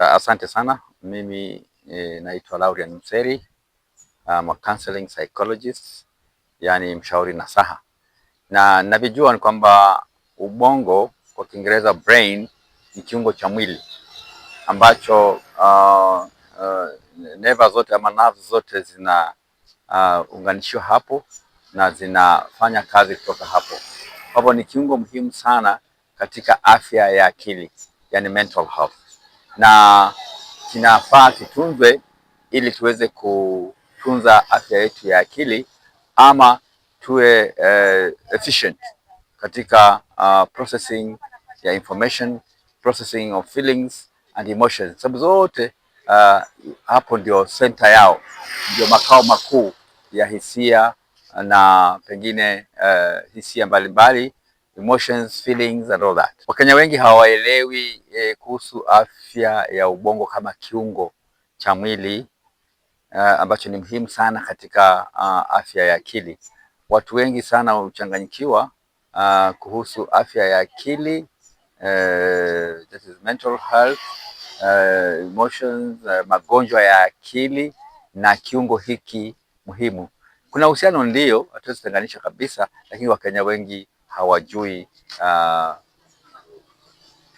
Ah, asante sana. Mimi e, naitwa Laurian Mseri. I'm a counseling psychologist, yani mshauri nasaha, na ninavyojua ni kwamba ubongo kwa Kiingereza brain ni kiungo cha mwili ambacho uh, ah, uh, ah, neva zote ama nerves zote zina uh, hapo na zinafanya kazi kutoka hapo. Kwa hivyo ni kiungo muhimu sana katika afya ya akili, yani mental health na kinafaa kitunzwe ili tuweze kutunza afya yetu ya akili ama tuwe uh, efficient katika uh, processing ya information, processing of feelings and emotions. Sababu zote uh, hapo ndio center yao, ndio makao makuu ya hisia na pengine uh, hisia mbalimbali mbali, emotions, feelings and all that. Wakenya wengi hawaelewi eh, kuhusu afya ya ubongo kama kiungo cha mwili uh, ambacho ni muhimu sana katika uh, afya ya akili. Watu wengi sana huchanganyikiwa uh, kuhusu afya ya akili uh, eh, this is mental health uh, emotions uh, magonjwa ya akili na kiungo hiki muhimu. Kuna uhusiano ndio, hatuwezi kutenganisha kabisa, lakini Wakenya wengi hawajui uh,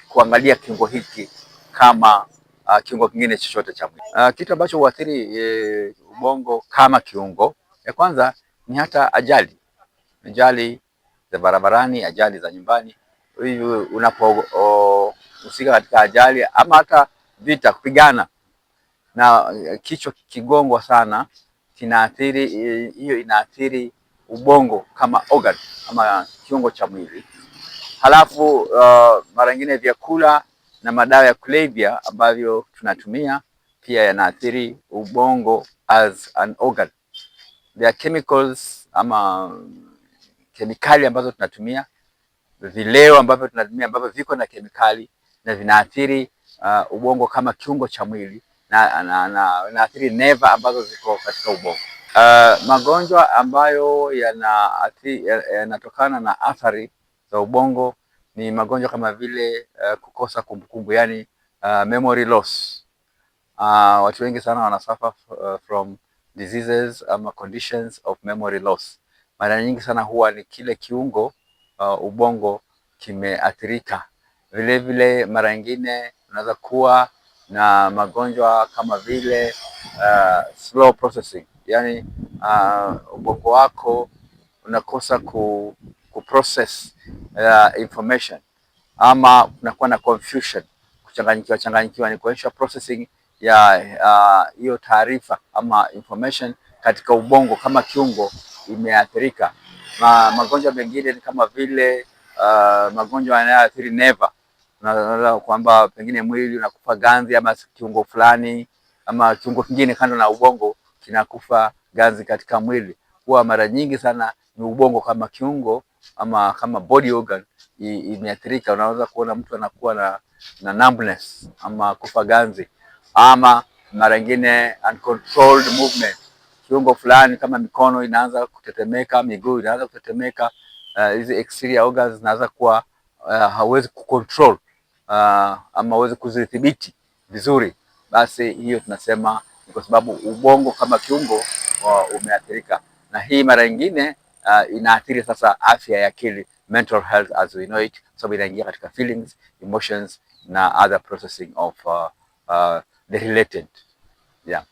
kuangalia kiungo hiki kama uh, kiungo kingine chochote cha mwili. Uh, kitu ambacho huathiri e, ubongo kama kiungo ya kwanza ni hata ajali, ajali za barabarani, ajali za nyumbani. Hivyo unapohusika katika ajali ama hata vita, kupigana na kichwa kigongwa sana kinaathiri e, hiyo, inaathiri ubongo kama organ ama kiungo cha mwili. Halafu uh, mara nyingine vyakula na madawa ya kulevya ambavyo tunatumia pia yanaathiri ubongo as an organ. There are chemicals ama kemikali ambazo tunatumia, vileo ambavyo tunatumia ambavyo viko na kemikali na vinaathiri uh, ubongo kama kiungo cha mwili na, na, na, na, naathiri neva ambazo ziko katika ubongo. Uh, magonjwa ambayo yanatokana ya, ya na athari za ubongo ni magonjwa kama vile uh, kukosa kumbukumbu yani uh, memory loss. Uh, watu wengi sana wanasuffer uh, from diseases ama conditions of memory loss. Mara nyingi sana huwa ni kile kiungo uh, ubongo kimeathirika. Vile vile mara nyingine unaweza kuwa na magonjwa kama vile uh, slow processing yani uh, ubongo wako unakosa ku, ku process uh, information ama unakuwa na confusion, kuchanganyikiwa changanyikiwa, ni kuonyesha processing ya uh, hiyo uh, taarifa ama information katika ubongo kama kiungo imeathirika. Ma, magonjwa mengine ni kama vile uh, magonjwa yanayoathiri neva, unaona kwamba pengine mwili unakupa ganzi ama kiungo fulani ama kiungo kingine kando na ubongo kinakufa ganzi katika mwili, huwa mara nyingi sana ni ubongo kama kiungo ama kama body organ imeathirika. Unaweza kuona mtu anakuwa na, na numbness ama kufa ganzi, ama mara nyingine uncontrolled movement, kiungo fulani kama mikono inaanza kutetemeka, miguu inaanza kutetemeka, eh, hizi uh, exterior organs zinaanza kuwa uh, eh, hawezi kucontrol uh, ama hawezi kuzidhibiti vizuri, basi hiyo tunasema ni kwa sababu ubongo kama kiungo umeathirika, na hii mara nyingine uh, inaathiri sasa afya ya akili, mental health as we know it, sababu inaingia katika feelings, emotions na other processing of uh, uh, the related yeah.